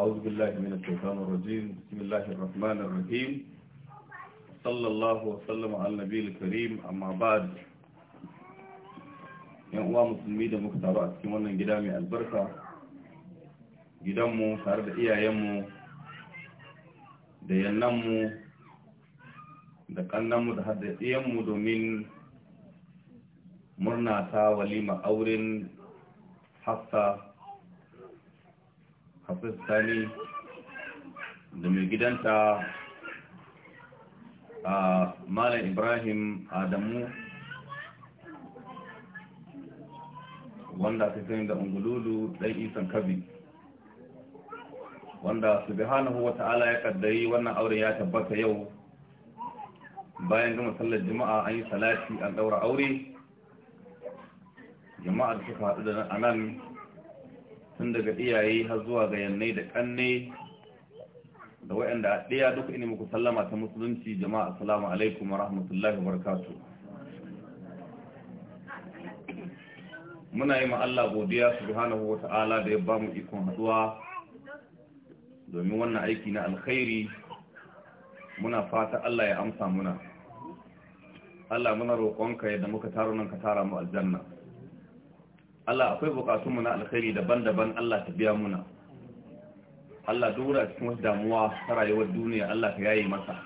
أعوذ بالله من الشيطان الرجيم بسم الله الرحمن الرحيم صلى الله وسلم على النبي الكريم أما بعد ينقوى مسلمي دا مختارات كمانا قدامي البركة قدامو سارد إيا يمو دا ينمو دا قنمو دا حد يمو وليما أورين حصة hafiz sani da mai gidanta a malam ibrahim adamu wanda ta sani da ungululu dan isan kabi wanda subhanahu wa ta'ala ya kaddari wannan aure ya tabbata yau bayan gama sallar juma'a an yi salati an daura aure jama'a da suka haɗu da nan. tun daga iyaye har zuwa ga yannai da kanne da waɗanda a ɗaya duka ina muku sallama ta musulunci jama'a assalamu alaikum wa rahmatullahi wa muna yi Allah godiya subhanahu wa ta'ala da ya ba mu ikon haduwa domin wannan aiki na alkhairi muna fata Allah ya amsa muna Allah muna roƙonka yadda muka taro nan ka tara mu aljanna Allah akwai bukatunmu na alkhairi daban-daban Allah ta biya muna Allah dora cikin wasu damuwa ta rayuwar duniya Allah ka yayi masa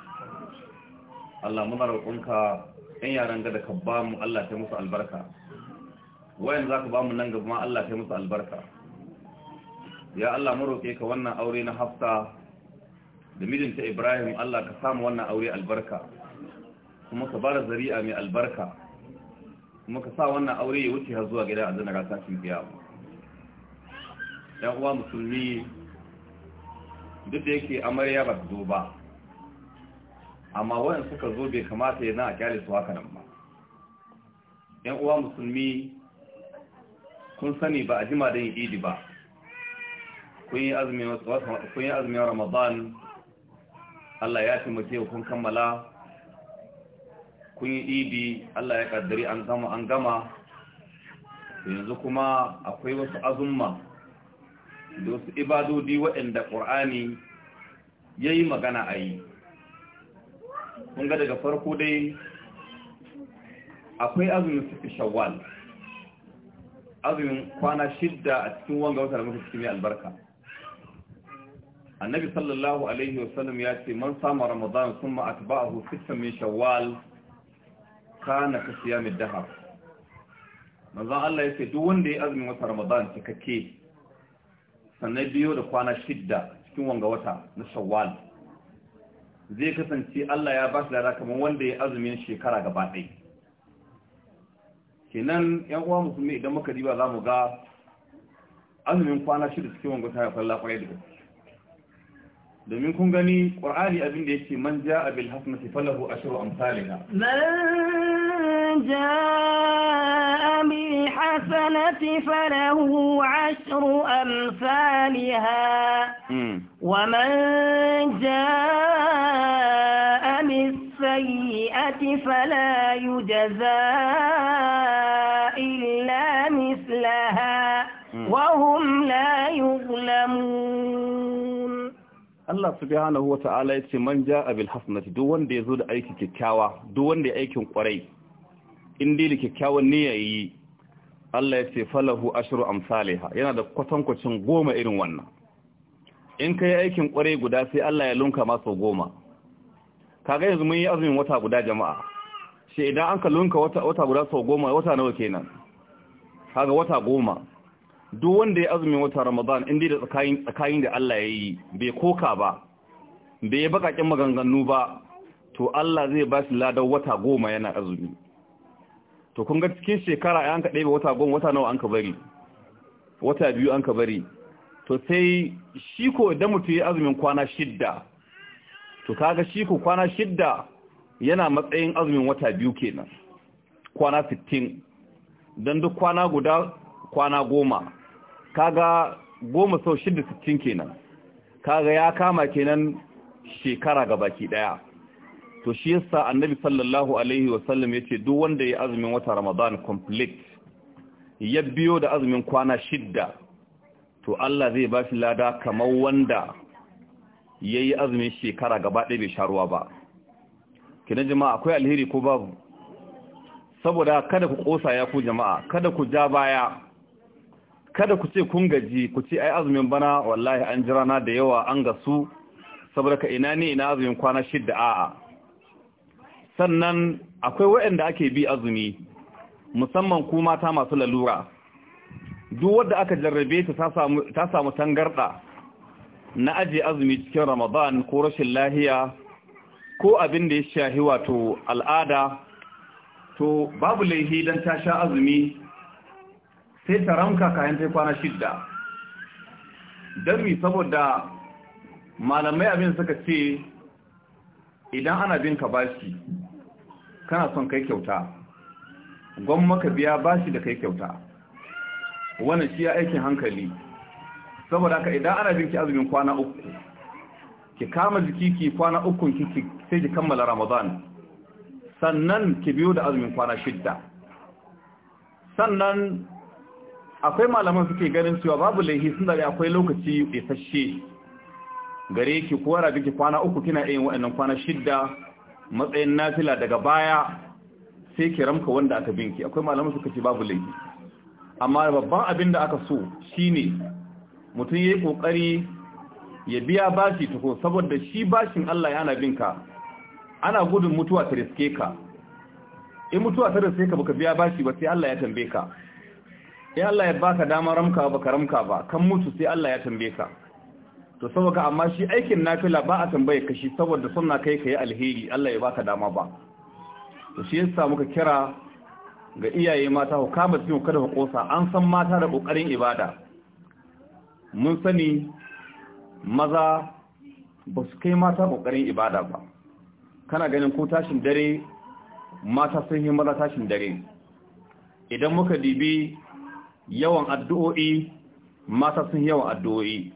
Allah muna roƙonka ɗan yaran gada ka ba mu Allah ta musu albarka wayan za ka ba mu nan gaba ma Allah ta musu albarka ya Allah mu roƙe ka wannan aure na Hafsa da mijinta Ibrahim Allah ka samu wannan aure albarka kuma ka bara zari'a mai albarka kuma ka sa wannan aure ya wuce har zuwa gida a zana rasashin biya yan uwa musulmi duk da yake amarya ba zo ba amma wayan suka zo bai kamata yana a kyale su haka nan ba yan uwa musulmi kun sani ba a jima don idi ba kun yi azumin ramadan Allah ya taimake kun kammala kun yi idi Allah ya kaddari an gama an gama yanzu kuma akwai wasu azumma da wasu ibadodi waɗanda ƙorani ya yi magana a yi kun ga daga farko dai akwai azumin sufi shawwal azumin kwana shidda a cikin wanga wata da cikin cikin albarka annabi sallallahu alaihi wasallam ya ce man sama ramadan sun ma'atba'ahu sittan min shawwal kana ka siya mai daha manzan Allah ya ce duk wanda ya azumin wata ramadan cikakke sannan biyo da kwana shidda cikin wanga wata na shawwal zai kasance Allah ya ba shi lara kamar wanda ya azumin shekara gaba ɗaya kenan yan uwa musulmi idan muka diba za mu ga azumin kwana shida cikin wanga wata ya falla kwaye da gaske domin kun gani ƙwar'ani abinda ya ce man ja abil hasnati falahu ashiru amsalina man ja abil hasanati falahu ashiru amsaliha wa man ja abil sayyi'ati fala yujza illa mislaha wa hum la yuzlamun Allah subhanahu wa ta'ala ya ce man ja abil hasanati duk wanda ya zo da aiki kyakkyawa duk wanda ya aikin kwarai in dai da kyakkyawan niyya yi Allah ya ce falahu ashru amsalha yana da kwatankwacin goma irin wannan in kai aikin kwarai guda sai Allah ya lunka masa goma kaga yanzu mun yi azumin wata guda jama'a shi idan an ka lunka wata wata guda sau goma wata nawa kenan kaga wata goma duk wanda ya azumin wata ramadan inda da tsakayin da Allah ya yi bai koka ba bai yi bakakin maganganu ba to Allah zai ba shi ladar wata goma yana azumi to kun ga cikin shekara ya an ɗaya wata goma wata nawa an ka bari wata biyu an ka bari to sai shi ko idan mutum ya azumin kwana shidda to kaga shi ko kwana shidda yana matsayin azumin wata biyu kenan kwana sittin don duk kwana guda kwana goma kaga goma sau shida sittin kenan kaga ya kama kenan shekara ga baki daya to shi yasa annabi sallallahu alaihi wasallam yace duk wanda ya azumin wata ramadan complete ya biyo da azumin kwana shidda to Allah zai ba shi lada kamar wanda yayi azumin shekara gaba ɗaya bai sharuwa ba kina jama'a akwai alheri ko babu saboda kada ku kosa ya ku jama'a kada ku ja baya kada ku ce kun gaji ku ce ai azumin bana wallahi an jira na da yawa an ga su, saboda ka ina ne ina azumin kwana shidda a'a sannan akwai waɗanda ake bi azumi musamman ku mata masu lalura duk wanda aka jarrabe ta ta samu tangarda na aje azumi cikin ramadan ko rashin lahiya ko abin da ya shahi wato al'ada to babu laihi dan ta sha azumi sai ta ranka kayan ta kwana shidda don mi saboda malamai abin suka ce idan ana bin ka bashi kana son kai kyauta gwamma ka biya bashi da kai kyauta wannan shi ya aikin hankali saboda ka idan ana bin ki azumin kwana uku ki kama jiki ki kwana uku kiki sai ki kammala ramadan sannan ki biyo da azumin kwana shidda sannan akwai malaman suke ganin cewa babu laihi sun da akwai lokaci isasshe gare ki ko rabi ki kwana uku kina yin wa'annan kwana shidda matsayin nafila daga baya sai ki ramka wanda aka binki akwai malaman suka ce babu laihi amma babban abin da aka so shine mutum yayi kokari ya biya bashi tuko saboda shi bashin Allah yana binka ana gudun mutuwa ta riske ka in mutuwa ta riske ka baka biya bashi ba sai Allah ya tambaye ka in Allah ya baka dama ramka ba ka ramka ba kan mutu sai Allah ya tambaye ka to saboda amma shi aikin nafila ba a tambaye ka shi saboda sunna kai kai alheri Allah ya baka dama ba to shi yasa muka kira ga iyaye mata ku kama cikin kada ku kosa an san mata da kokarin ibada mun sani maza ba su kai mata kokarin ibada ba kana ganin ko tashin dare mata sun yi maza tashin dare idan muka dibi yawan addu'o'i mata sun yawan addu'o'i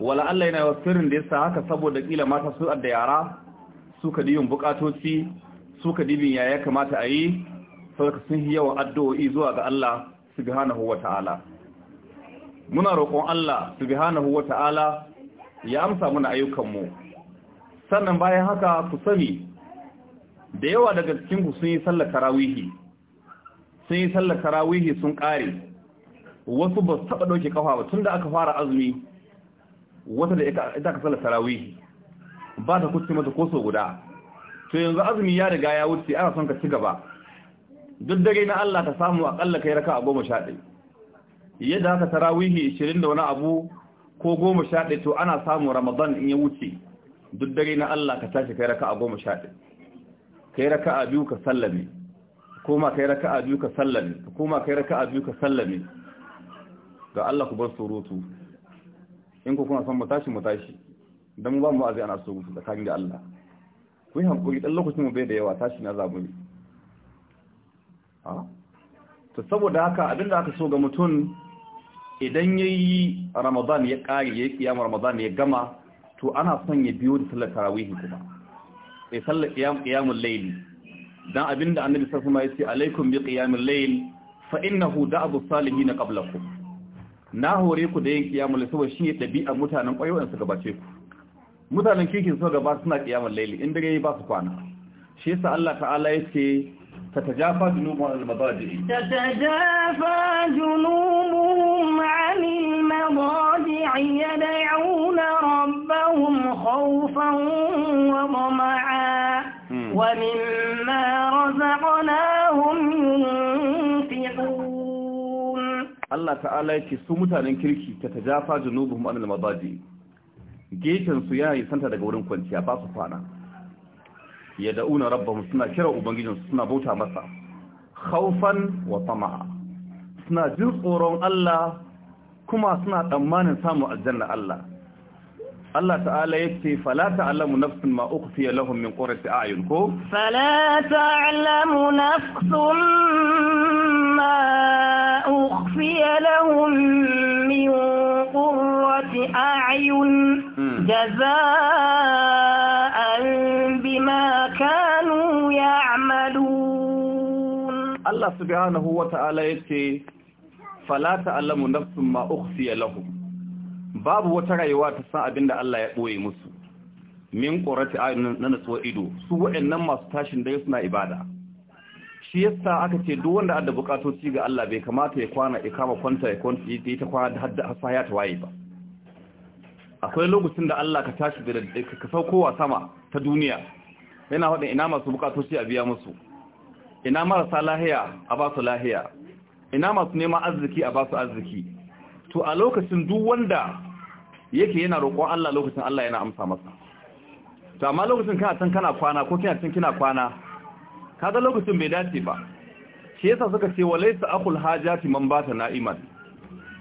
wala Allah yana yawan sirrin da yasa haka saboda ƙila mata su adda yara suka dibin bukatoci suka dibin yaya kamata a yi saboda sun yawan addu'o'i zuwa ga Allah Huwa Ta'ala). muna roƙon Allah Huwa Ta'ala) ya amsa muna ayyukanmu sannan bayan haka ku sani da yawa daga cikinku sun yi sallar tarawihi sun yi sallar tarawihi sun ƙare wasu ba taɓa ɗauke kafa ba tun da aka fara azumi wata da ita ka sallar tarawih ba ta kusa mata ko so guda to yanzu azumi ya riga ya wuce ana son ka ci gaba duk dare na Allah ka samu akalla kai raka'a a goma sha ɗaya yadda haka tarawihi ishirin da wani abu ko goma sha ɗaya to ana samu ramadan in ya wuce duk dare na Allah ka tashi kai raka'a a goma sha ɗaya kai raka'a a biyu ka sallame koma kai raka'a a biyu ka sallame koma kai raka'a a biyu ka sallame ga Allah ku bar surutu in ku kuna son mu tashi mu tashi dan mu ba mu azai ana surutu kan da Allah ku yi hankuri dan lokacin mu bai da yawa tashi na ne ha to saboda haka abinda aka so ga mutum idan yayi Ramadan ya kare yayi kiyam Ramadan ya gama to ana son ya biyo da sallar tarawih kuma sai sallar qiyam qiyamul layl dan abinda annabi sallallahu alaihi wasallam ya ce alaikum bi qiyamil layl fa innahu da'abu salihin qablakum na hore ku da yin kiyamul laili saboda shine dabi'a mutanen ƙwayoyin su gabace ku mutanen kirkin su gaba suna kiyamul laili in dare ba su kwana shi yasa Allah ta'ala yake تتجافى جنوبهم عن المضاجع تتجافى جنوبهم عن المضاجع ومما Allah ta'ala ya ce su mutanen kirki ta jafa junubuhum anil mabaji gefen su yayi santa daga wurin kwanciya ba su kwana ya da'una rabbahum suna kira ubangijin su suna bauta masa khawfan wa tama'a suna jin tsoron Allah kuma suna tsammanin samun aljanna Allah Allah ta'ala yace fala ta'lamu nafsun ma fiye lahum min a a'yun ko fala ta'lamu nafsun ما أخفي لهم من قرة أعين جزاء بما كانوا يعملون الله سبحانه وتعالى يتي فلا تعلم نفس ما أخفي لهم babu wata rayuwa ta san abin da Allah ya ɓoye musu min ƙorati ayyunan na nasuwa ido su waɗannan masu tashin dare suna ibada shi yasa aka ce duk wanda adda bukatoci ga Allah bai kamata ya kwana ya kama kwanta ya kwanta ya ta kwana da da hasa ya tawaye ba akwai lokacin da Allah ka tashi da ka kowa sama ta duniya yana faɗin ina masu bukatoci a biya musu ina marasa lahiya a ba su lahiya ina masu neman arziki a ba su arziki to a lokacin duk wanda yake yana roƙon Allah lokacin Allah yana amsa masa to amma lokacin kana can kana kwana ko kina can kina kwana kada lokacin bai dace ba shi yasa suka ce walaysa akul hajati man bata na'iman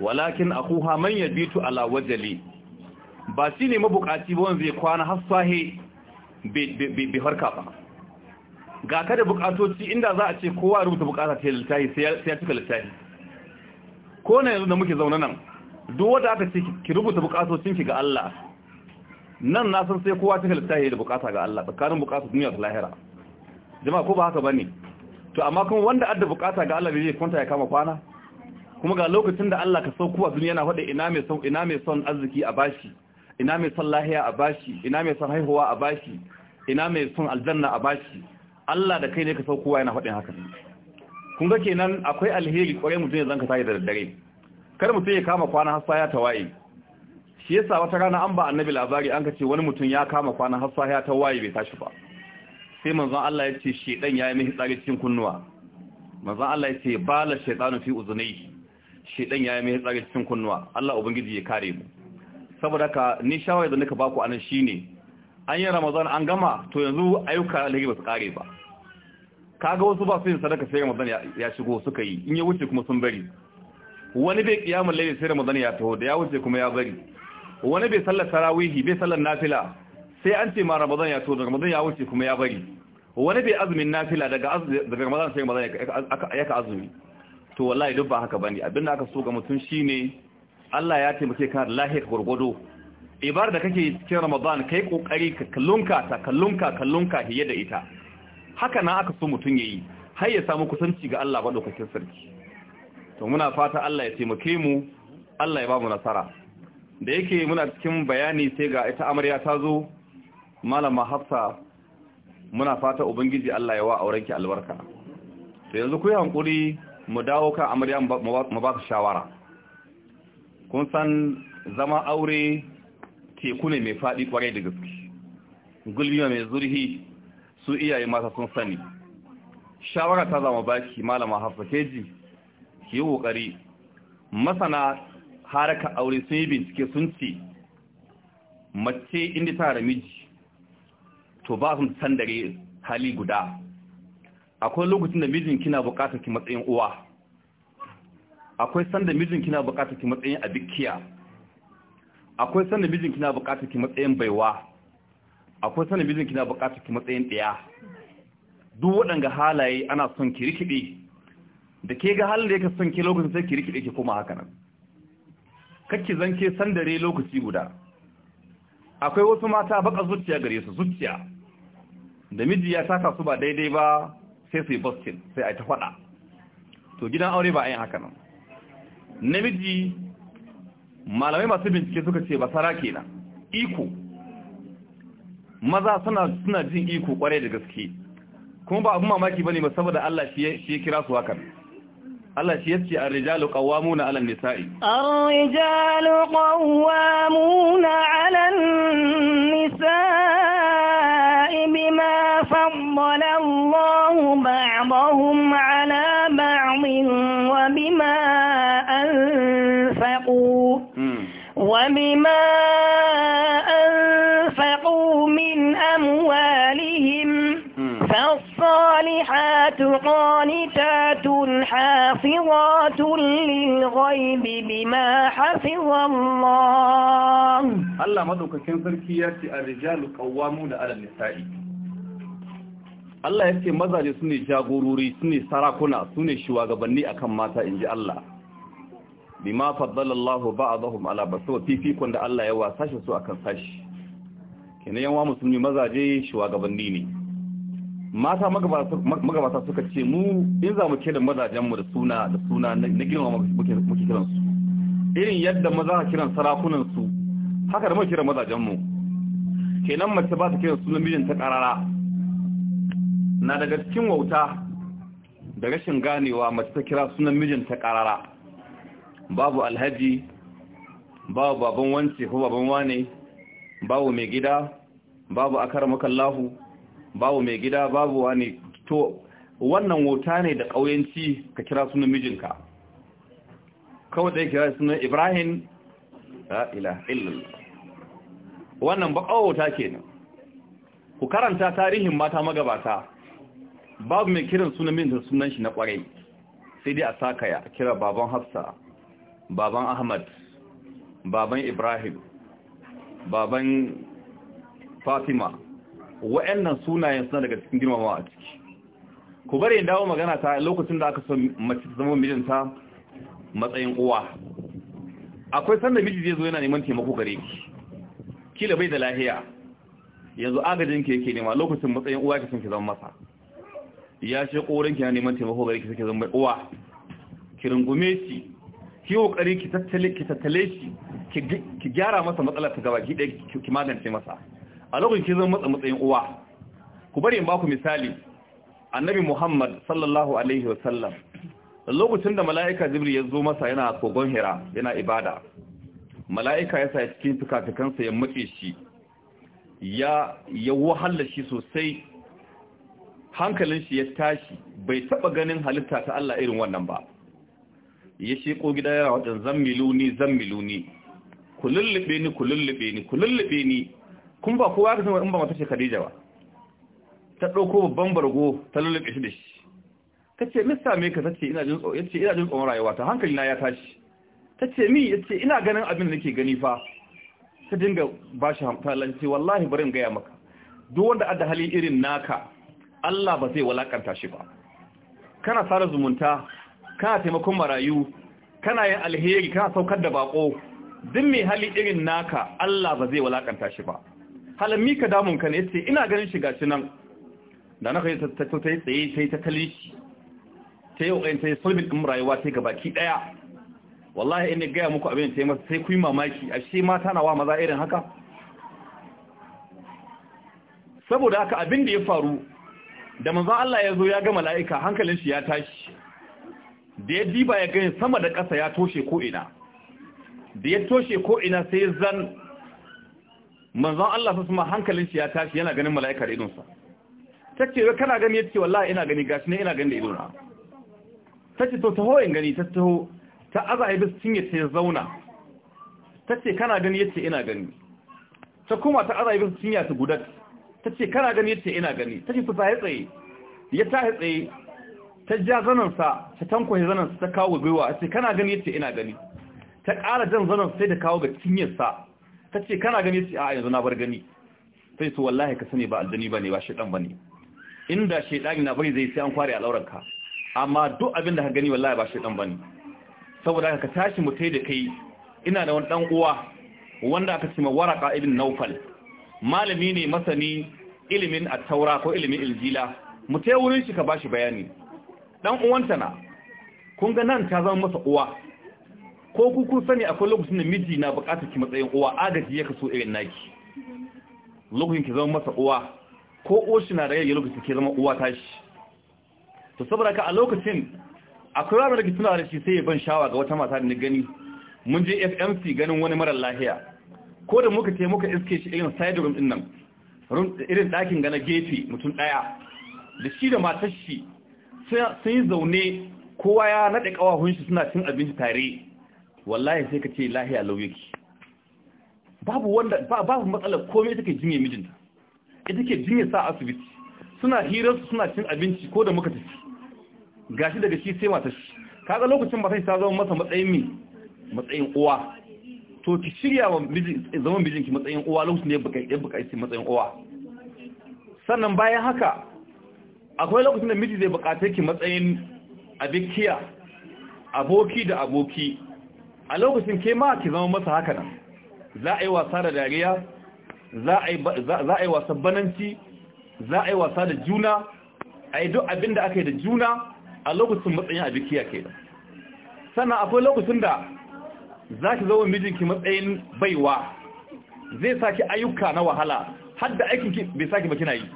walakin akuha man yabitu ala wajali ba shine mabukaci ba wanda zai kwana har sahe bai harka ba ga kada bukatoci inda za a ce kowa rubuta bukata ta littafi sai ya cika littafi ko na yanzu da muke zaune nan duk wanda aka ce ki rubuta ki ga Allah nan na san sai kowa cika littafi da bukata ga Allah tsakanin bukatun duniya da lahira jama'a ko ba haka bane to amma kuma wanda adda bukata ga Allah zai kwanta ya kama kwana kuma ga lokacin da Allah ka sauko a duniya na fada ina mai son ina mai son arziki a bashi ina mai son lahiya a bashi ina mai son haihuwa a bashi ina mai son aljanna a bashi Allah da kai ne ka saukowa yana faɗin haka kun ga kenan akwai alheri kwarai mutum ya zanka tayi da daddare kar mutum ya kama kwana har ya tawaye shi yasa wata rana an ba annabi labari an ka ce wani mutum ya kama kwana har ya tawaye bai tashi ba sai manzon Allah ya ce shedan ya yi mai hitsari cikin kunnuwa manzon Allah ya ce bala shaytanu fi uzunai shedan ya yi mai hitsari cikin kunnuwa Allah ubangiji ya kare mu saboda ka ni shawara da nika ku anan shine an yi ramadan an gama to yanzu ayyuka alheri ba su kare ba kaga wasu ba su yin sadaka sai ramadan ya shigo suka yi in ya wuce kuma sun bari wani bai kiyamul laili sai ramadan ya taho da ya wuce kuma ya bari wani bai sallar tarawihi bai sallar nafila sai an ce ma ramadan ya to ramadan ya wuce kuma ya bari wani bai azumin nafila daga daga ramadan sai ramadan ya ka azumi to wallahi duk ba haka bane abin da aka so ga mutum shine Allah ya taimake ka lahi ka gurgudo ibar da kake cikin ramadan kai kokari ka kallunka ta kallunka kallunka hiye da ita haka na aka so mutum yayi har ya samu kusanci ga Allah madaukakin sarki to muna fata Allah ya taimake mu Allah ya ba mu nasara da yake muna cikin bayani sai ga ita amarya ta zo malama hafsa muna fata ubangiji Allah ya wa aurenki albarka to yanzu ku yi hankuri mu dawo kan amarya mu ba shawara kun san zama aure teku ne mai faɗi kwarai da gaske gulmi mai zurhi su iyaye mata sun sani shawara ta zama baki malama hafsa keji ki yi kokari masana haraka aure sun yi bincike sun ce mace inda ta da miji to ba su sandare hali guda akwai lokacin da mijin kina bukatar ki matsayin uwa akwai da mijin kina bukatar ki matsayin abikiya akwai da mijin kina bukatar ki matsayin baiwa akwai da mijin kina bukatar ki matsayin daya duk waɗanga halaye ana son ki rikide da ke ga halin da yake son ke lokacin sai ki rikide ki koma haka nan kake zanke sandare lokaci guda akwai wasu mata baka zuciya gare su zuciya da miji ya saka su ba daidai ba sai su yi bostin sai a ta faɗa to gidan aure ba a yin haka nan namiji malamai masu bincike suka ce ba sara kenan iko maza suna jin iko kwarai da gaske kuma ba abin mamaki ne ba saboda Allah shi ya kira su hakan Allah shi yace ar-rijalu qawwamuna 'ala an-nisa'i ar-rijalu qawwamuna 'ala وبما أنفقوا من أموالهم فالصالحات قانتات حافظات للغيب بما حفظ الله الله مدوك كان فركيات الرجال قوامون على النساء Allah ya ce mazaje su ne jagorori su ne sarakuna su ne shugabanni akan mata in ji Allah bima faddala Allah ba'dahum ala basu fifikon da Allah ya wasa shi su akan sashi kenan yanwa musulmi mazaje shugabanni ne mata magabata suka ce mu in za mu kira mazajen mu da suna da suna na girma muke kiran su irin yadda maza ka kiran sarakunan su haka da muke kira mazajen mu kenan mace ba ta kiran sunan mijin ta karara na daga cikin wauta da rashin ganewa mace ta kira sunan mijin ta karara babu alhaji babu baban wance ko baban wane babu mai gida babu Akaramakallahu, babu mai gida babu wane to wannan wuta ne da ƙauyenci ka kira sunan mijinka kawai da ya kira sunan ibrahim ila illallah wannan ba ƙawauta kenan ku karanta tarihin mata magabata babu mai kiran sunan mijinta sunan shi na ƙwarai sai dai a sakaya kira baban hafsa baban ahmad baban ibrahim baban fatima wa'annan sunayen suna daga cikin girmamawa a ciki ku bari dawo magana ta lokacin da aka son mace ta zama mijinta matsayin uwa akwai sanda miji zai zo yana neman taimako gare ki kila bai da lahiya yanzu agajin ki yake nema lokacin matsayin uwa ki son ki zama masa ya ce korin ki na neman taimako gare ki sai zama uwa ki rungume shi ki kokari ki tattale ki tattale shi ki gyara masa matsala ta gaba ki dai ki magance masa a lokacin ki zama matsa matsayin uwa ku bari in ba ku misali annabi Muhammad sallallahu alaihi wasallam lokacin da mala'ika jibril ya zo masa yana kogon hira yana ibada mala'ika ya sa cikin fikafikansa ya matse shi ya ya wahala shi sosai hankalin shi ya tashi bai taba ganin halitta ta Allah irin wannan ba ya shiko gida yana wajen zammiluni zammiluni ku lullube ni ku lullube ni ku lullube ni kun ba kowa ka sanar in ba mata ce Khadija ba ta ɗauko babban bargo ta lullube shi da shi ta ce mista me ka tace ina jin tsoron ina jin tsoron rayuwa ta hankali na ya tashi ta ce mi yace ina ganin abin da nake gani fa ta dinga ba shi hamfalanci wallahi bari in gaya maka duk wanda adda hali irin naka Allah ba zai walakanta shi ba kana fara zumunta kana taimakon marayu kana yin alheri kana saukar da bako duk mai hali irin naka Allah ba zai walakanta shi ba halin ka damun ka ne yace ina ganin shi gashi nan da naka yi ta yi tsaye sai ta kalli shi. ta yi ƙoƙarin ta yi sulbin ɗin rayuwa sai ga baki ɗaya wallahi in gaya muku abin ta yi masa sai ku yi mamaki a shi mata na wa maza irin haka saboda haka abin da ya faru da maza Allah ya zo ya ga mala'ika hankalin shi ya tashi da ya diba ya gani sama da ƙasa ya toshe ko'ina da ya toshe ko'ina sai zan manzan Allah su suma hankalin shi ya tashi yana ganin mala'ika da idonsa ta ce wai kana gani ya ce wallah ina gani gashi ne ina gani da idona ta ce to taho yin gani ta taho ta aza yi bis cinye ta zauna ta ce kana gani ya ce ina gani ta kuma ta aza yi bis cinye ta gudat ta ce kana gani ya ce ina gani ta ce su ta tsaye ya ta tsaye ta ja zanansa ta tankwai zanansa ta kawo gwiwa a ce kana gani yace ina gani ta ƙara jan zanansa sai da kawo ga cinyarsa ta ce kana gani yace a yanzu na bar gani sai su, wallahi ka sani ba aljani ba ne, ba ba ne inda shedani na bari zai sai an kware laurarka amma duk abin da ka gani wallahi ba ba ne saboda ka tashi mutai da kai ina da wani dan uwa wanda aka ce waraka ibn naufal malami ne masani ilimin at-taura ko ilimin mu mutai wurin shi ka bashi bayani dan uwanta na kun ga nan ta zama masa uwa ko ku kun sani akwai lokacin da miji na bukatar ki matsayin uwa agaji ya kaso irin naki lokacin ki zama masa uwa ko uwarshi na da yayi lokacin ki zama uwa tashi to saboda ka a lokacin akwai ranar da ki tuna da shi sai ya ban shawa ga wata mata da ni gani mun je FMC ganin wani mara lahiya ko da muka ce muka iske shi irin side room din nan irin dakin gana gefe mutum ɗaya da shi da matar shi sun yi zaune kowa ya naɗe ƙawahun shi suna cin abinci tare wallahi sai ka ce lahiya lauyaki babu wanda babu matsalar komai ita jinye mijinta ita ke jinye sa asibiti suna hirarsu suna cin abinci ko da muka tafi gashi daga shi sai mata shi kaga lokacin sai ta zama masa matsayin mi matsayin uwa to ki shirya wa zaman mijinki matsayin uwa lokacin da ya buƙaci matsayin uwa sannan bayan haka akwai lokacin da miji zai bukatar ki matsayin abikiya aboki da aboki a lokacin ke ma ki zama masa haka nan za a yi wasa da dariya za a yi wasa bananci za a yi wasa da juna a yi duk abin da aka yi da juna a lokacin matsayin abikiya ke da sannan akwai lokacin da za ki zama mijinki matsayin baiwa zai sa ki ayyuka na wahala har da aikinki bai ki ba kina yi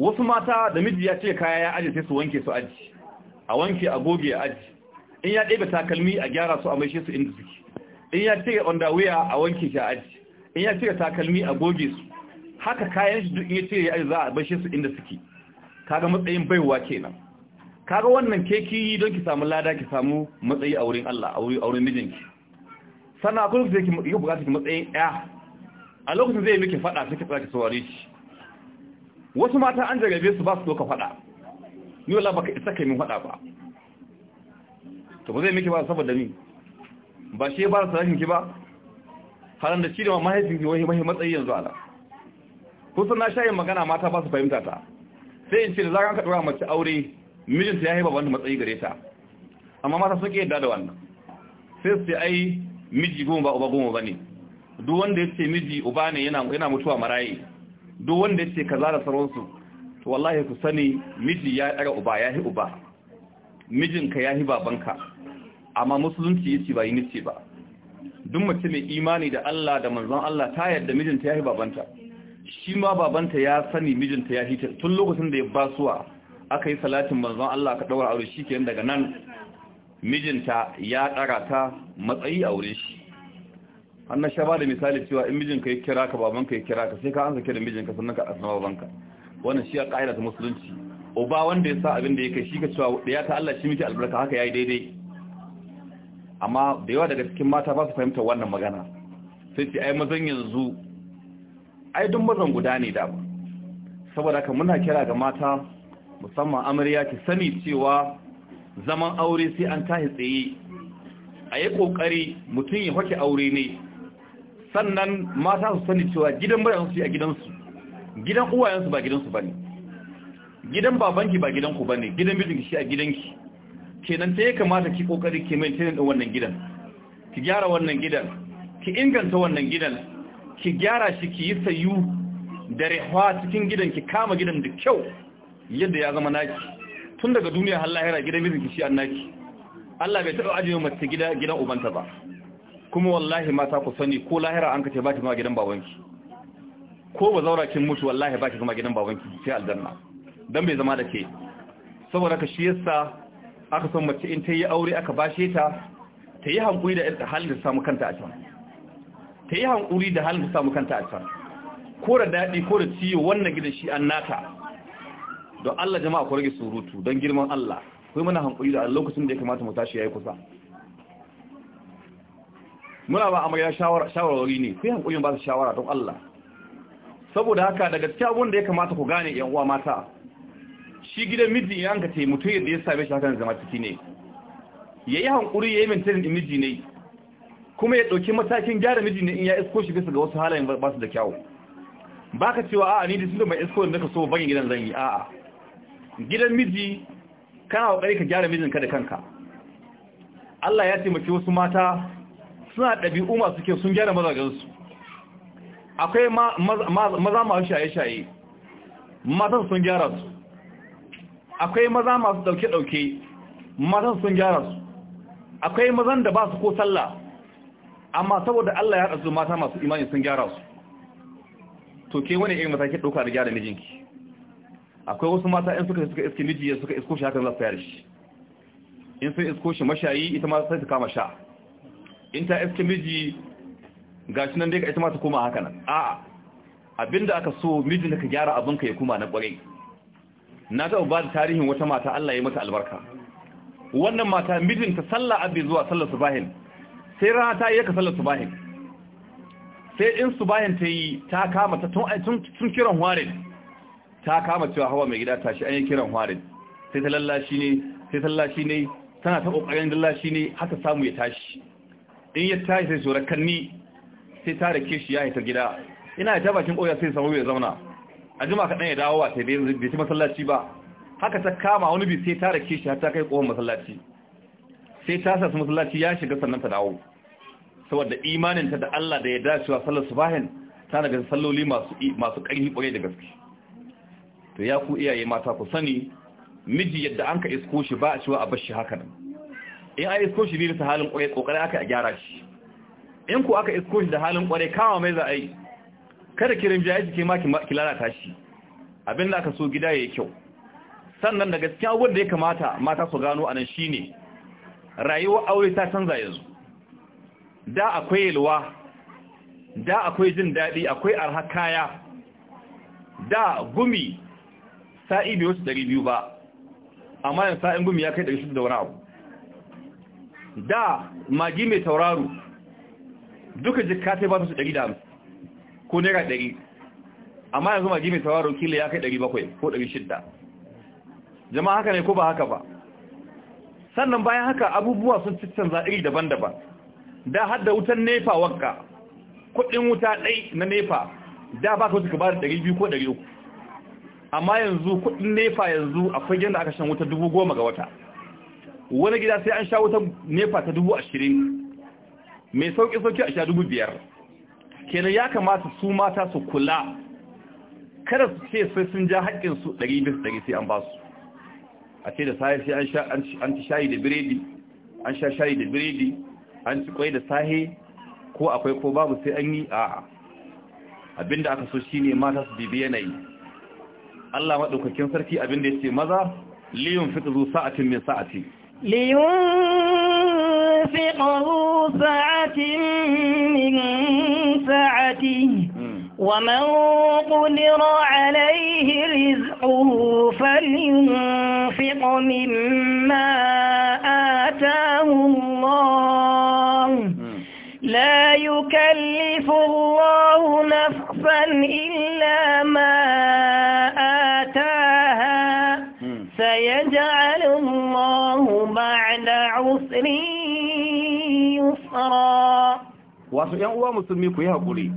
wasu mata da miji ya ce kaya ya aji sai su wanke su aji a wanke a goge a aji in ya ɗebe takalmi a gyara su a maishe su inda suke in ya ce underwear a wanke shi a aji in ya ce takalmi a goge su haka kayan shi duk in ya ce ya aji za a maishe su inda suke kaga matsayin baiwa kenan kaga wannan keki don ki samu lada ki samu matsayi a wurin Allah a wurin mijinki sannan akwai lokacin da ya bukatar ki matsayin ɗaya a lokacin zai yi miki faɗa sai ki tsaya ki saurare shi wasu mata an jarabe su ba su doka fada ni wala baka isa kai min fada ba to ba zai miki ba saboda ni ba shi ba sa ki ba haran da shi da mahaifin ki wani mahi matsayi yanzu ala sun na shayin magana mata ba su fahimta ta sai in ce da zaran ka dora mace aure mijinta ya haifa wanda matsayi gare ta amma mata sun ke yadda da wannan sai su ai miji goma ba uba goma ba ne duk wanda ya ce miji uba ne yana mutuwa maraye duk wanda ce kaza da sauransu to wallahi ku sani miji ya ɗara uba ya hi uba mijinka ya hi babanka amma musulunci yace ba yi nace ba duk mace mai imani da Allah da manzon Allah ta yarda mijinta ya hi babanta shi ma babanta ya sani mijinta ya hi tun lokacin da ya basuwa aka yi salatin manzon Allah ka daura aure shikenan daga nan mijinta ya dara ta matsayi a wurin shi an na sha ba da misali cewa in mijinka ya kira ka ka ya kira ka sai ka sake da mijinka sannan ka baban babanka wannan shi ya ƙa'ida ta musulunci uba wanda ya sa abin da ya kai shi ka cewa da ya ta Allah shi miki albarka haka yayi daidai amma da yawa daga cikin mata ba su fahimta wannan magana sai ce ai mazan yanzu ai duk mazan guda ne da saboda haka muna kira ga mata musamman amarya ki sani cewa zaman aure sai an tashi tsaye a yi ƙoƙari mutum ya hake aure ne sannan mata su sani cewa gidan bayan su a gidansu gidan uwayensu ba gidansu ba ne, gidan babanki ba gidanku ba ne, gidan mijinki shi a gidanki kenan ta ya kamata ki kokari ki maintain din wannan gidan ki gyara wannan gidan ki inganta wannan gidan ki gyara shi ki yi sayu da rehwa cikin gidan ki kama gidan da kyau yadda ya zama naki tun daga duniya har lahira gidan mijinki shi naki, Allah bai taɓa ajiye mace gida gidan ubanta ba kuma wallahi mata ku sani ko lahira an kace ba ki zama gidan babanki ko ba zaura kin mutu wallahi ba ki zama gidan babanki sai aljanna dan bai zama da ke saboda ka shi yasa aka san mace in ta yi aure aka bashe ta ta yi hankuri da halin da samu kanta a can ta yi hankuri da halin da samu kanta a can ko da daɗi ko da ciwo wannan gidan shi an nata don Allah jama'a ku rage surutu don girman Allah kai mana hankuri da lokacin da ya kamata mu tashi yayi kusa muna ba amarya shawarwari ne sai hankulin ba su shawara don Allah saboda haka daga cikin da ya kamata ku gane yan uwa mata shi gidan miji ya anka ce mutum yadda ya same shi hakan zama ciki ne yayi hankuri yayi maintain din miji ne kuma ya ɗauki matakin gyara miji ne in ya isko shi bisa ga wasu halayen ba su da kyau baka cewa a'a ni da su mai isko da ka so ban gidan zan yi a'a gidan miji kana kokari ka gyara ka da kanka Allah ya taimaki wasu mata suna ɗabi'u masu kyau sun gyara mazajensu akwai maza masu shaye-shaye matan sun gyara su akwai maza masu ɗauke-ɗauke matan sun gyara su akwai mazan da ba su ko sallah amma saboda Allah ya ɗazu mata masu imani sun gyara su to ke wani irin mataki ɗauka da gyara mijinki akwai wasu mata in suka suka iske miji ya suka isko shi hakan za su yare shi in sun isko shi mashayi ita ma sai su kama sha in ta iske miji gashi nan dai ka ita ma ta koma haka nan a'a abinda aka so mijin ka gyara abin ka ya kuma na kwarai na taɓa ba da tarihin wata mata Allah ya mata albarka wannan mata mijin ta sallah abin zuwa sallar subahin sai rana ta yi ka sallar subahin sai in subahin ta yi ta kama ta tun kiran hwarin, ta kama cewa hawa mai gida tashi an yi kiran hwarin, sai ta lallashi ne sai ta lallashi ne tana ta kokarin lallashi ne haka samu ya tashi in ya tashi sai shorar kanni sai ta da kishi ya gida ina ta bakin ƙoya sai samu ya zauna a jima kaɗan ya dawo a tebe bai ci masallaci ba haka ta kama wani bi sai ta da kishi har ta kai kowar masallaci sai ta sa masallaci ya shiga sannan ta dawo saboda imaninta da Allah da ya dacewa sallar subahin ta daga salloli masu masu ƙarfi ƙwarai da gaske to ya ku iyaye mata ku sani miji yadda an ka isko shi ba a cewa a bar shi haka in a isko shi bisa halin kwarai kokarin aka gyara shi in ku aka isko shi da halin kwarai kama mai za a yi kada kirin jaye jike ma ki lalata shi abin da aka so gida ya yi kyau sannan da abubuwan da ya kamata mata su gano anan ne. rayuwar aure ta canza yanzu da akwai yalwa da akwai jin daɗi akwai arha kaya da gumi sa'i biyu su ɗari biyu ba amma yanzu sa'in gumi ya kai ɗari shi da wani abu da magi mai tauraro duka jikka sai ba su ɗari da ko naira ɗari amma yanzu magi mai tauraro kila ya kai ɗari bakwai ko ɗari shidda jama'a haka ne ko ba haka ba sannan bayan haka abubuwa sun cikin iri daban-daban da har da wutan nefa wanka kuɗin wuta ɗai na nefa da ba ka wuce ka ba da ɗari biyu ko ɗari uku amma yanzu kuɗin nefa yanzu akwai yadda aka shan wuta dubu goma ga wata wani gida sai an sha wata nefa ta dubu ashirin mai sauƙi-sauƙi a sha dubu biyar kenan ya kamata su mata su kula kada su ce sai sun ja haƙƙinsu ɗari bis ɗari sai an ba su a ce da sahi sai an ci shayi da biredi an sha shayi da biredi an ci kwai da sahi ko akwai ko babu sai an yi a abinda aka so shine mata su bibi yanayi Allah maɗaukakin sarki abinda ya ce maza liyun zuwa sa'atin min sa'ati لينفق سعة من سعته ومن قدر عليه رزقه فلينفق مما آتاه الله لا يكلف الله نفسا إلا ما آتاها سيجعل عسري يسرا wato ‘yan uwa musulmi ku yi haƙuri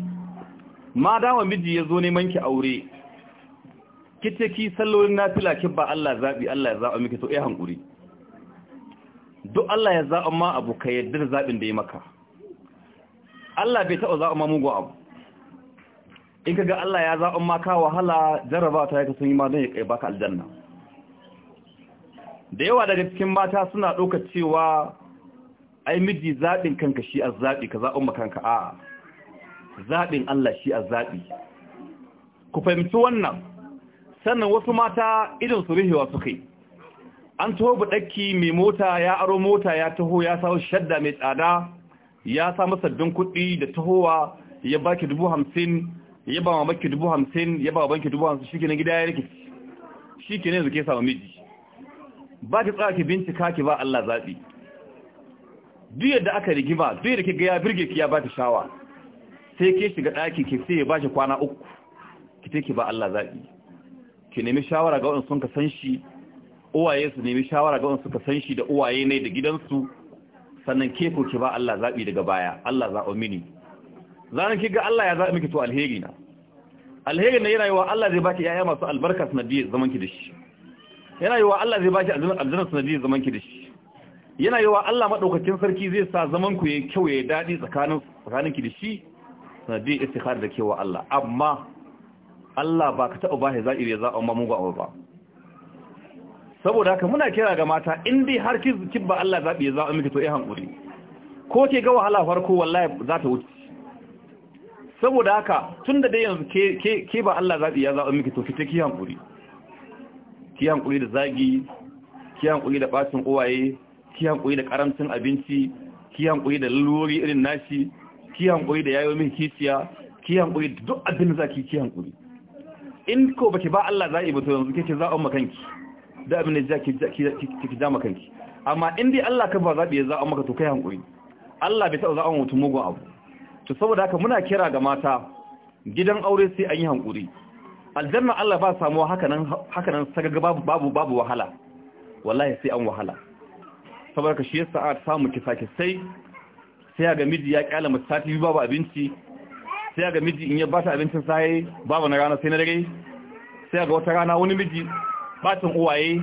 ma miji ya zo neman ki aure kice ki sallolin nafila ki ba Allah zaɓi Allah ya zaɓa miki to eh hankuri duk Allah ya zaɓa ma abu ka yadda da zaɓin da ya maka Allah bai taɓa zaɓa ma mugun abu in ka ga Allah ya zaɓa ma ka wahala jarraba ta ya ka sun yi ma don ya kai baka aljanna da yawa daga cikin mata suna ɗauka cewa ai miji zaɓin kanka shi a zaɓi ka zaɓin makanka a zaɓin Allah shi a zaɓi ku fahimci wannan sannan wasu mata idan su rihewa suka kai an taho buɗakki mai mota ya aro mota ya taho ya sawo shadda mai tsada ya samu sabbin kuɗi da tahowa ya baki dubu hamsin ya ba mamaki dubu hamsin ya ba banki dubu hamsin shi gida ya rikici shi ke ne zuke samu miji ba ki tsaya ki bincika ki ba Allah zaɓi duk yadda aka rigima duk yadda ga ya birge ki ya ba ki shawa sai ke shiga ɗaki ki sai ya ba shi kwana uku ki ce ki ba Allah zaɓi ki nemi shawara ga waɗansu ka san shi uwaye su nemi shawara ga waɗansu ka san shi da uwaye ne da gidansu sannan ke ko ki ba Allah zaɓi daga baya Allah za mini zanen ki ga Allah ya zaɓi miki to alheri na alheri na yana yi wa Allah zai baki 'ya'ya masu albarka sanadiyar zaman ki da shi yana yi wa Allah zai baki aljanna sanadiyar zaman ki da shi yana yi wa Allah madaukakin sarki zai sa zaman ku yayi kyau yayi dadi tsakanin tsakanin ki da shi sanadiyar istikhar da kewa Allah amma Allah ba ka taɓa bashi za'iri ya za'a ma mugu ba saboda haka muna kira ga mata in dai har kin ba Allah zabi ya za'a miki to eh hankuri ko ke ga wahala farko wallahi za ta wuce saboda haka tunda dai yanzu ke ke ba Allah zabi ya za'a miki to ki take hankuri ki hankuli da zagi ki hankuli da bacin uwaye ki hankuli da karamcin abinci ki hankuli da lalurori irin nashi ki hankuli da yayo min kiciya ki hankuli da duk abin da zaki ki hankuli in ko baki ba Allah zai bato yanzu kike za'on makanki da abin da zaki ki ja kanki. amma in dai Allah ka ba zabi ya za'on maka to kai hankuli Allah bai taɓa za'on mutum mugun abu to saboda haka muna kira ga mata gidan aure sai an yi hankuri aljanna Allah ba samuwa hakanan hakanan sagaga babu babu babu wahala wallahi sai an wahala saboda ka shi yasa a samu kifake sai sai ga miji ya kyala mace sati babu abinci sai ga miji in ya ba ta abincin sai babu na rana sai na dare sai ga wata rana wani miji batin uwaye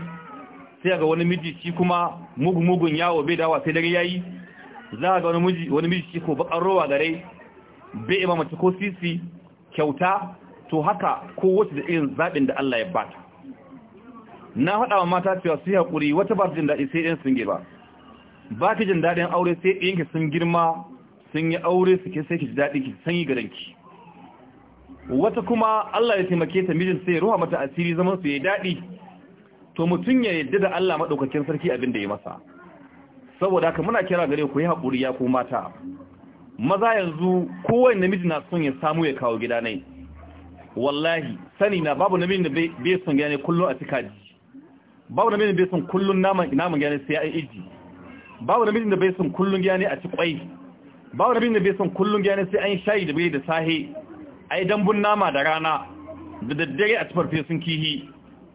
sai ga wani miji shi kuma mugu mugun yawo bai dawa sai dare yayi za ga wani miji wani miji shi ko bakar rowa gare bai ima mace ko sisi kyauta to haka ko wacce da irin zaɓin da Allah ya bata na haɗa wa mata cewa su haƙuri wata ba jin daɗi sai ɗin sun girma ba ki jin daɗin aure sai ki sun girma sun yi aure su ke sai ki ji daɗi ki sanyi ki. wata kuma Allah ya taimake ta mijin sai ya ruwa mata asiri zaman su ya daɗi to mutum ya yadda da Allah maɗaukakin sarki abin da ya masa saboda haka muna kira gare ku yi haƙuri ya ko mata maza yanzu kowane namiji na son ya samu ya kawo gida nai wallahi sani na babu namin da bai son gane kullum a tikaji babu namin da bai son kullum naman naman gane sai ai iji babu namin da bai son kullum gane a cikwai. Babu babu namin da bai son kullum gane sai an shayi da bai da a ai dambun nama da rana da daddare a tafar sun kihi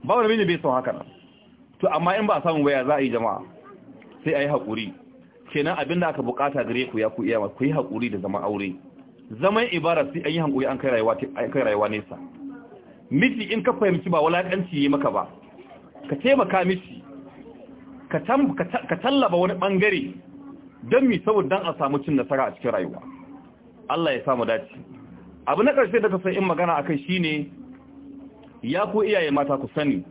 babu namin da bai son haka to amma in ba a samu waya za a yi jama'a sai ai haƙuri kenan abin da aka bukata gare ku ya ku iya ku yi haƙuri da zama aure zaman ibara sai an yi hankuri an kai rayuwa nesa miji in ka fahimci ba walakanci yi maka ba ka taimaka miji ka tam tallaba wani bangare don mi saboda dan a samu cin nasara a cikin rayuwa Allah ya samu dace abu na karshe da ka san in magana akai ne ya ku iyaye mata ku sani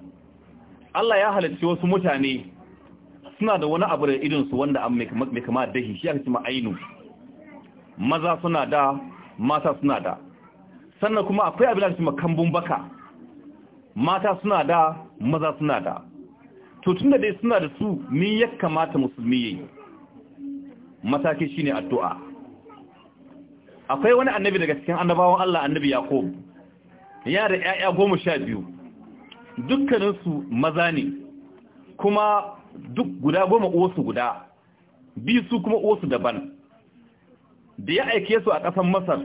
Allah ya halarci wasu mutane suna da wani abu da idinsu wanda an mai kama dahi shi aka ce ma ainu maza suna da mata suna da sannan kuma akwai abin da su kambun baka mata suna da maza suna da to tunda dai suna da su min ya kamata musulmi yayi mataki shine addu'a akwai wani annabi daga cikin annabawan Allah annabi Yaqub ya da ƴaƴa 12 dukkanin su maza ne kuma duk guda goma uwarsu guda biyu su kuma uwarsu daban da ya aike su a ƙasar Masar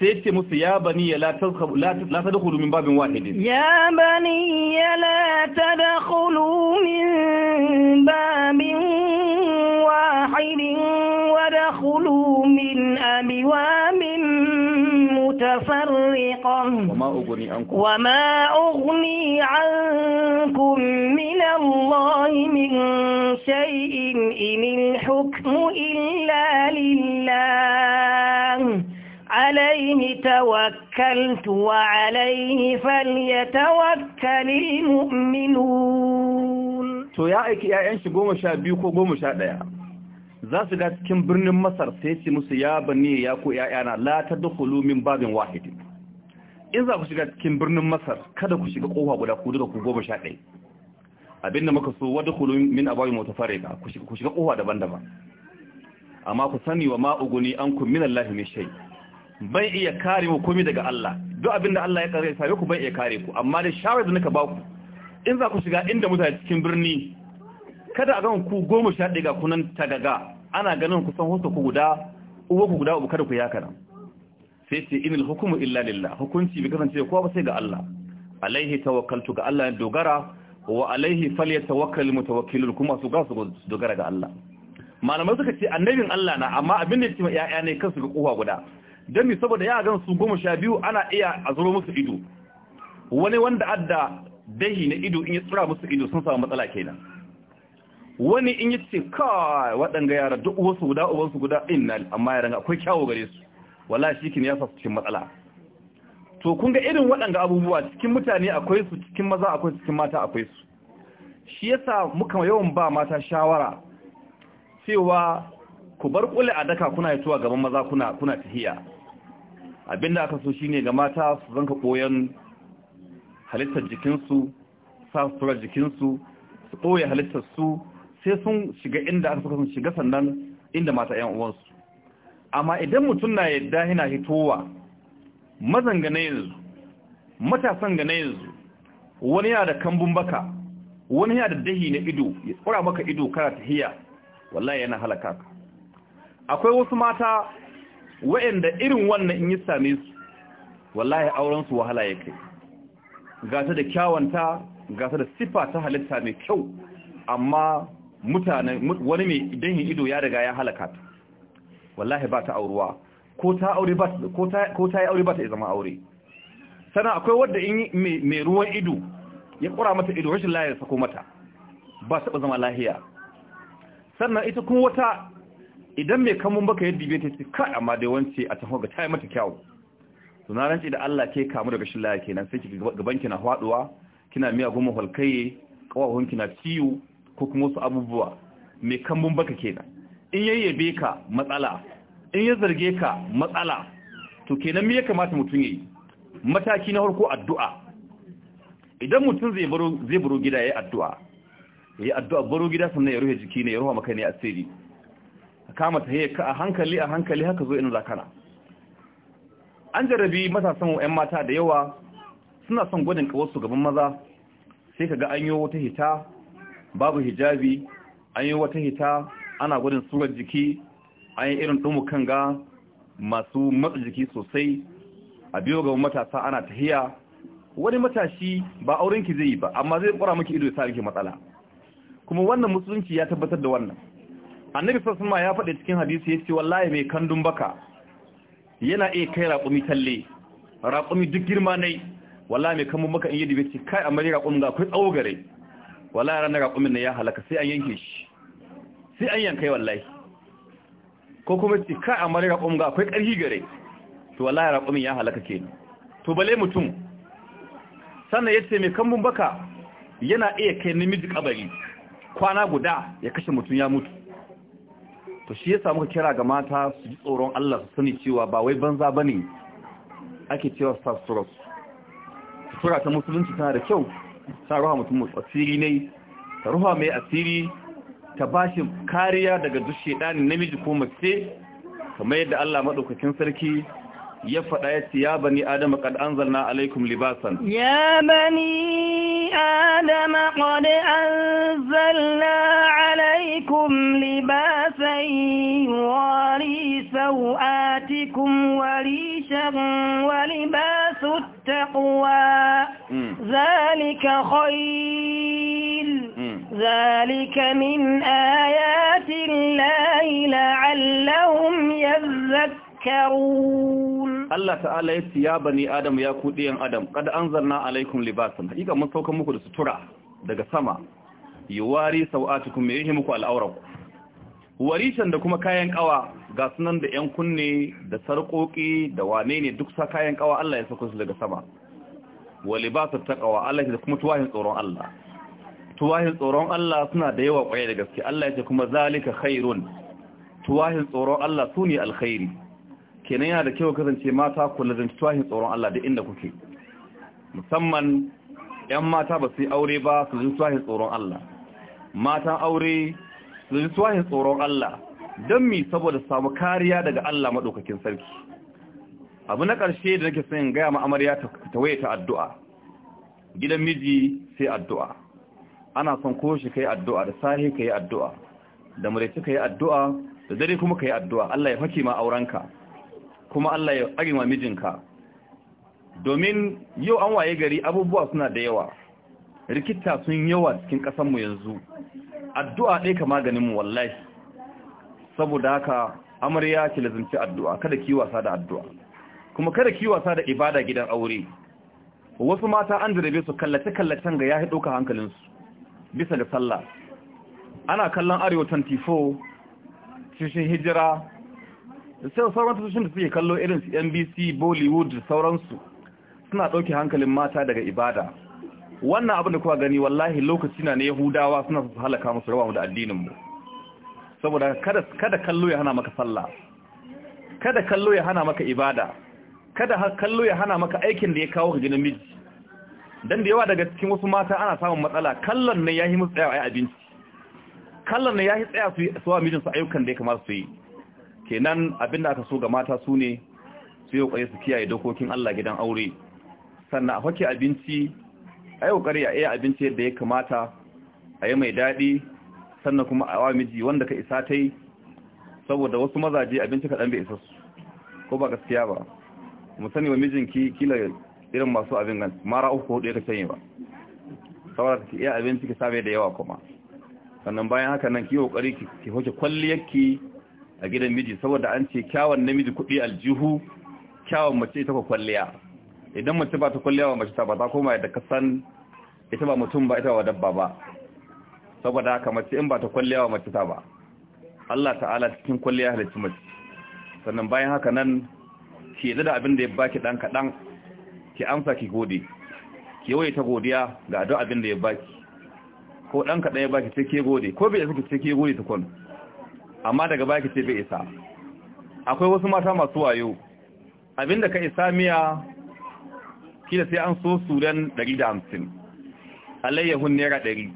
sai ce musu ya bani ya la tadkhulu min babin wahidin ya bani ya la tadkhulu min babin wahidin wa dakhulu min abwamin متفرقا وما أغني عنكم, وما أغني عنكم من الله من شيء إن الحكم إلا لله عليه توكلت وعليه فليتوكل المؤمنون to ya aiki 'ya'yan shi goma sha biyu ko goma sha ɗaya za su ga cikin birnin masar sai su musu ya bane ya ko ‘ya'yana la ta dukulu min babin wahidi in za ku shiga cikin birnin masar kada ku shiga kowa guda ku duka ku goma sha ɗaya abinda muka so wadda kulu min abawi mota fare ka ku shiga kowa daban-daban amma ku sani wa ma'uguni an kun min Allah mai shai bai iya kare mu komai daga Allah duk abinda Allah ya kare sai ku bai iya kare ku amma da shawarar da naka ba ku in za ku shiga inda mutane cikin birni kada a ga ku goma sha ɗaya ga kunan tagaga ana ganin kusan wasu ku guda uwa ku guda uku kada ku ya nan sai ce inil hukumu illa lillah hukunci bi kasance kowa ba sai ga Allah alaihi tawakkaltu ga Allah dogara wa alaihi falyatawakkal mutawakkilun kuma su ga su dogara ga Allah malamai suka ce annabin Allah na amma abin da ya ce ma ne kansu ga kowa guda dan mi saboda ya gan su goma sha biyu ana iya a musu ido wani wanda adda dahi na ido in ya tsura musu ido sun samu matsala kenan wani in yi ce kawai waɗanga yara duk wasu guda ubansu guda innal amma yaran akwai kyawu gare su wala shi ya fasu cikin matsala to kun ga irin waɗanga abubuwa cikin mutane akwai su cikin maza akwai cikin mata akwai su shi yasa muka yawan ba mata shawara cewa ku bar kule a daka kuna yatuwa gaban maza kuna kuna tahiya abinda aka so shine ga mata su zanka koyan halittar jikinsu sa jikinsu su ɓoye halittar su sai sun shiga inda aka suka sun shiga sannan inda mata yan uwansu amma idan mutum na yadda yana hitowa mazangane yanzu matasan gane yanzu wani yana da kambun baka wani yana da dahi na ido ya tsura maka ido kana tahiya wallahi yana halaka ka akwai wasu mata wa'anda irin wannan in yi same su wallahi auren su wahala ya kai gata da kyawanta gata da sifa ta halitta mai kyau amma Mutanen, wani mai dahin ido ya riga ya halaka ta wallahi ba ta auruwa ko ta yi aure ba ta yi zama aure sana akwai wanda in mai ruwan ido ya kura mata ido rashin lahiya sako mata ba ta zama lahiya sannan ita kuma wata idan mai kamun baka yadda bai ta ce kai amma dai wance a tafi ga ta yi mata kyau to na da Allah ke kamu daga shin lahiya kenan sai ki gaban ki na faduwa kina miya goma halkaye kawahun ki na ciwo ko kuma wasu abubuwa mai kambun baka kenan in yayyabe ka matsala in ya zarge ka matsala to kenan me ya kamata mutum yayi mataki na farko addu'a idan mutum zai baro zai baro gida yayi addu'a yayi addu'a baro gida sannan ya ruhe jiki ne ya ruha maka ne asiri kama ta ka a hankali a hankali haka zo ina zakana an jarabi matasan 'yan mata da yawa suna son gwadin kawarsu gaban maza sai ka ga an yi wata hita babu hijabi an yi wata hita ana gudun surar jiki an yi irin ɗumu kan ga masu matsa jiki sosai a biyo ga matasa ana tahiya wani matashi ba aurenki zai yi ba amma zai ƙura maki ido ya sa miki matsala kuma wannan musulunci ya tabbatar da wannan annabi sallallahu ya faɗi cikin hadisi ce, wallahi mai kandun baka yana iya kai raƙumi talle raƙumi duk girma ne wallahi mai kandun baka in yi dibe ce kai amma raƙumi ga akwai tsawo gare wallahi ranar raƙumin ne ya halaka sai an yanke shi sai an yankai wallahi ko kuma ce ka a mara raƙumin ga akwai ƙarhi gare to wallahi raƙumin ya halaka ke to bale mutum sannan ya ce mai kambun baka yana iya kai namiji kabari kwana guda ya kashe mutum ya mutu to shi yasa muka kira ga mata su ji tsoron Allah su sani cewa ba wai banza bane ake cewa sutura sutura ta musulunci tana da kyau ta ruha mutum asiri ne ta ruha mai asiri ta bashi kariya daga duk shedanin namiji ko mace kamar yadda Allah madaukakin sarki ya faɗa ya ce ya bani adama qad anzalna alaikum libasan ya bani adama qad anzalna alaikum libasan yuwari sawatikum wa rishan wa libasut taqwa Hmm. ذلك خير hmm. ذلك من آيات الله لعلهم يذكرون Allah ta'ala ya ce ba ni adamu ya kuɗi yan Adam kada anzalna alaikum libasan hakika mun sauka muku da sutura daga sama yuwari sau'atukum me yake muku al'auraku warishan da kuma kayan kawa ga sunan da yan kunne da sarƙoƙi da wane ne duk sa kayan kawa Allah ya saka su daga sama wa libasu taqwa Allah ya kuma tuwahin tsoron Allah tuwahin tsoron Allah suna da yawa kwaye da gaske Allah ya ce kuma zalika khairun tuwahin tsoron Allah sune alkhairi kenan yana da kyau kasance mata ku lazin tuwahin tsoron Allah da inda kuke musamman yan mata ba su yi aure ba su ji tuwahin tsoron Allah matan aure su ji tuwahin tsoron Allah don mi saboda samu kariya daga Allah madaukakin sarki abu na ƙarshe da nake son gaya ma amarya ta waye ta addu'a gidan miji sai addu'a ana son ko shi kai addu'a da sahi kai addu'a da muraici kai addu'a da dare kuma kai addu'a Allah ya fake ma aurenka kuma Allah ya tsare ma mijinka domin yau an waye gari abubuwa suna da yawa rikita sun yawa cikin ƙasar mu yanzu addu'a ɗaya ka maganin mu wallahi saboda haka amarya ki lazimci addu'a kada ki wasa da addu'a kuma kada ki wasa da ibada gidan aure wasu mata an jarabe su kallace kallacen ga ya hidoka hankalin su bisa ga sallah ana kallon arewa 24 cikin hijira sai sauran tushen da suke kallo irin su NBC Bollywood da sauransu suna dauke hankalin mata daga ibada wannan abin da kuka gani wallahi lokaci na ne Yahudawa suna su halaka musu rawa da addinin mu saboda kada kallo ya hana maka sallah kada kallo ya hana maka ibada kada har kallo ya hana maka aikin da ya kawo ga gina miji dan da yawa daga cikin wasu mata ana samun matsala kallon ne yi musu tsaya a abinci kallon ne yi tsaya su su suwa mijinsu ayyukan da ya kamata su yi kenan abin da aka so ga mata su ne su yi kwaye su kiyaye dokokin Allah gidan aure sannan a fake abinci ayi kokari a iya abinci yadda ya kamata a yi mai daɗi sannan kuma a wa miji wanda ka isa tai saboda wasu mazaje abinci kaɗan bai isa su ko ba gaskiya ba musani wa mijinki kila irin masu abin gan mara uku hudu ya sanya ba saboda ki iya abinci ki sabe da yawa kuma sannan bayan haka nan ki kokari ki hoke kwalliyarki a gidan miji saboda an ce kyawun namiji kuɗi aljihu kyawun mace ita ko kwalliya idan mace ba ta kwalliya ba mace ta ba ta koma da kasan ita ba mutum ba ita ba dabba ba saboda haka mace in ba ta kwalliya ba mace ta ba Allah ta'ala cikin kwalliya halittu mace sannan bayan haka nan ki yadda da abin da ya baki dan kadan ki amsa ki gode ki waye ta godiya ga duk abin da ya baki ko dan kadan ya baki sai ke gode ko bai saki sai ke gode tukun amma daga baki sai bai isa akwai wasu mata masu wayo abin da ka isa miya kila sai an so suran 150 alayyahun naira 100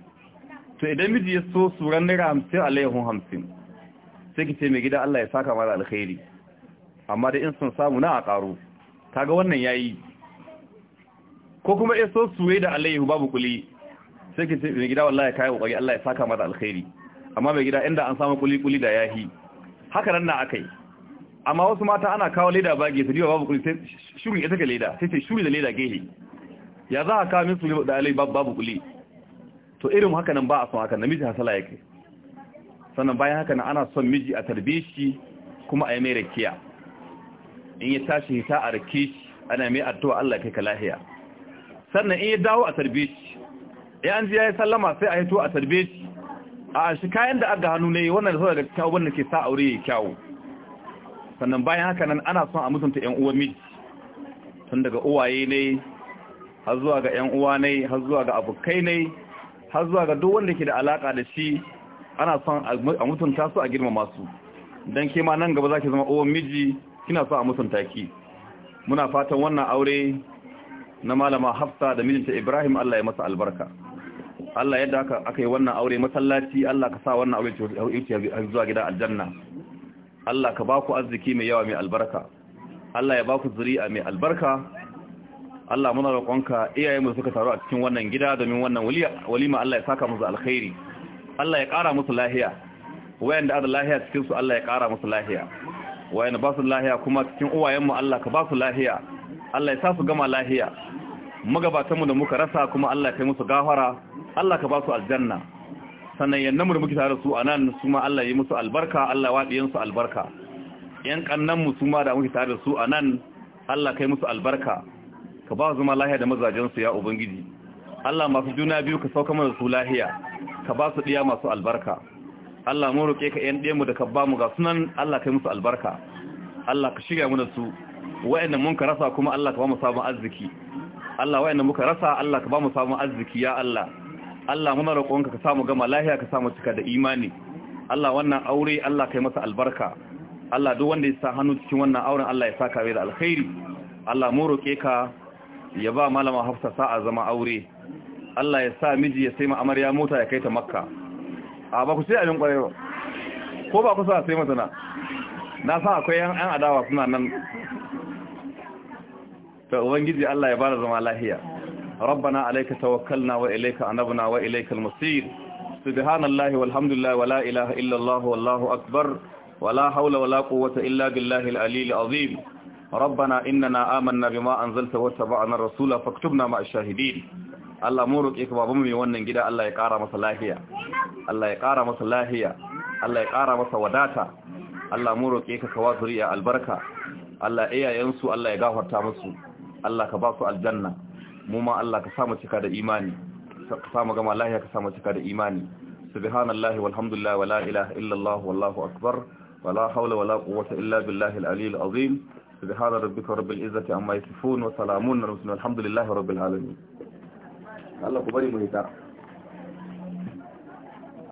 to idan miji ya so suran naira 50 alayyahun 50 sai ki ce mai gida Allah ya saka mara alkhairi amma da in sun samu na a ƙaru kaga wannan yayi ko kuma in so suwe da alaihu babu kuli sai ki ce mai gida wallahi kai kokari Allah ya saka mata alkhairi amma mai gida inda an samu kuli kuli da yahi haka nan na akai amma wasu mata ana kawo leda bage su diwa babu kuli sai shuri ita ke leda sai sai shuri da leda gehe ya za ka kawo min su da alai babu kuli to irin haka nan ba a son haka namiji hasala yake sannan bayan haka nan ana son miji a shi kuma a yi mai rakiya in ya tashi hita a rikici, shi ana mai addu'a Allah kai ka lahiya sannan in ya dawo a tarbe shi ya an ji ya yi sallama sai a hito a tarbe shi a shi kayan da aka hannu ne wannan sau daga kyawu wannan ke sa aure ya kyawu sannan bayan haka nan ana son a mutunta 'yan uwa miji tun daga uwaye ne har zuwa ga 'yan uwa ne har zuwa ga abokai ne har zuwa ga duk wanda ke da alaka da shi ana son a mutunta su a girmama su Don ke ma nan gaba za zaki zama uwan miji ina so a musanta ki muna fatan wannan aure na malama Hafsa da mijinta Ibrahim Allah ya masa albarka Allah yadda aka aka yi wannan aure masallaci Allah ka sa wannan aure ya zuwa gida aljanna Allah ka baku arziki mai yawa mai albarka Allah ya baku zuri'a mai albarka Allah muna roƙonka iyayenmu suka taru a cikin wannan gida domin wannan walima Allah ya saka musu alkhairi Allah ya ƙara musu lahiya wayanda ada lahiya cikin su Allah ya ƙara musu lahiya wayanda ba su lahiya kuma cikin uwayenmu Allah ka ba su lahiya Allah ya sa su gama lahiya magabatanmu da muka rasa kuma Allah ya kai musu gafara Allah ka ba su aljanna sannan yan mu da muke tare su anan su ma Allah ya yi musu albarka Allah waɗiyan su albarka yan kannan mu su ma da muke tare su anan Allah kai musu albarka ka ba su ma lahiya da mazajen su ya ubangiji Allah masu juna biyu ka sauka mana su lahiya ka ba su diya masu albarka Allah mu roke ka yan mu da ka ba mu ga sunan Allah kai musu albarka Allah ka shiga muna su wa'anda mun ka rasa kuma Allah ka ba mu sabon arziki Allah wa'anda muka rasa Allah ka ba mu sabon arziki ya Allah Allah muna roƙonka ka samu gama lahiya ka samu cika da imani Allah wannan aure Allah kai masa albarka Allah duk wanda ya sa hannu cikin wannan auren Allah ya saka mai da alkhairi Allah mu roke ka ya ba malama Hafsa sa'a zama aure Allah ya sa miji ya sai ma amarya mota ya kai ta Makka a ba ku ce abin kwarai ba ko ba kusa sai masana na san akwai yan adawa suna nan ta ubangiji Allah ya bada zama lahiya rabbana alayka tawakkalna wa ilayka anabna wa ilayka al-masir subhanallahi walhamdulillahi wala ilaha illa Allah wallahu akbar wala hawla wala quwwata illa billahi al-ali al-azim ربنا إننا آمنا بما أنزلت واتبعنا الرسول فاكتبنا مع الشاهدين Allah mu roƙe ka babu mai wannan gida Allah ya ƙara masa lahiya Allah ya ƙara masa lafiya Allah ya ƙara masa wadata Allah mu roƙe ka kawa zuriya albarka Allah iyayensu Allah ya gafarta musu Allah ka ba su aljanna mu ma Allah ka samu cika da imani ka samu gama lahiya ka samu cika da imani subhanallahi walhamdulillah wala ilaha illallah wallahu akbar wala hawla wala quwwata illa billahi al-aliyyil azim subhana rabbika rabbil izzati amma yasifun wa salamun alhamdulillahi rabbil alamin Allah ku bari mu yi